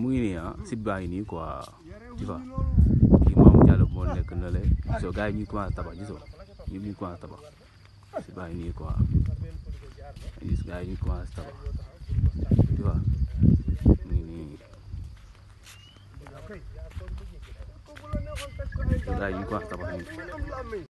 mu ngi nii ah site baa ngi nii quoi tu vois kii Maam Diallo moo nekk na le gisoo gars yi ñuy commencé tabax ñu ngi commencé tabax site nii quoi gis gars yi ñuy commencé tabax tu mu ngi nii gars yi ñuy commencé tabax nii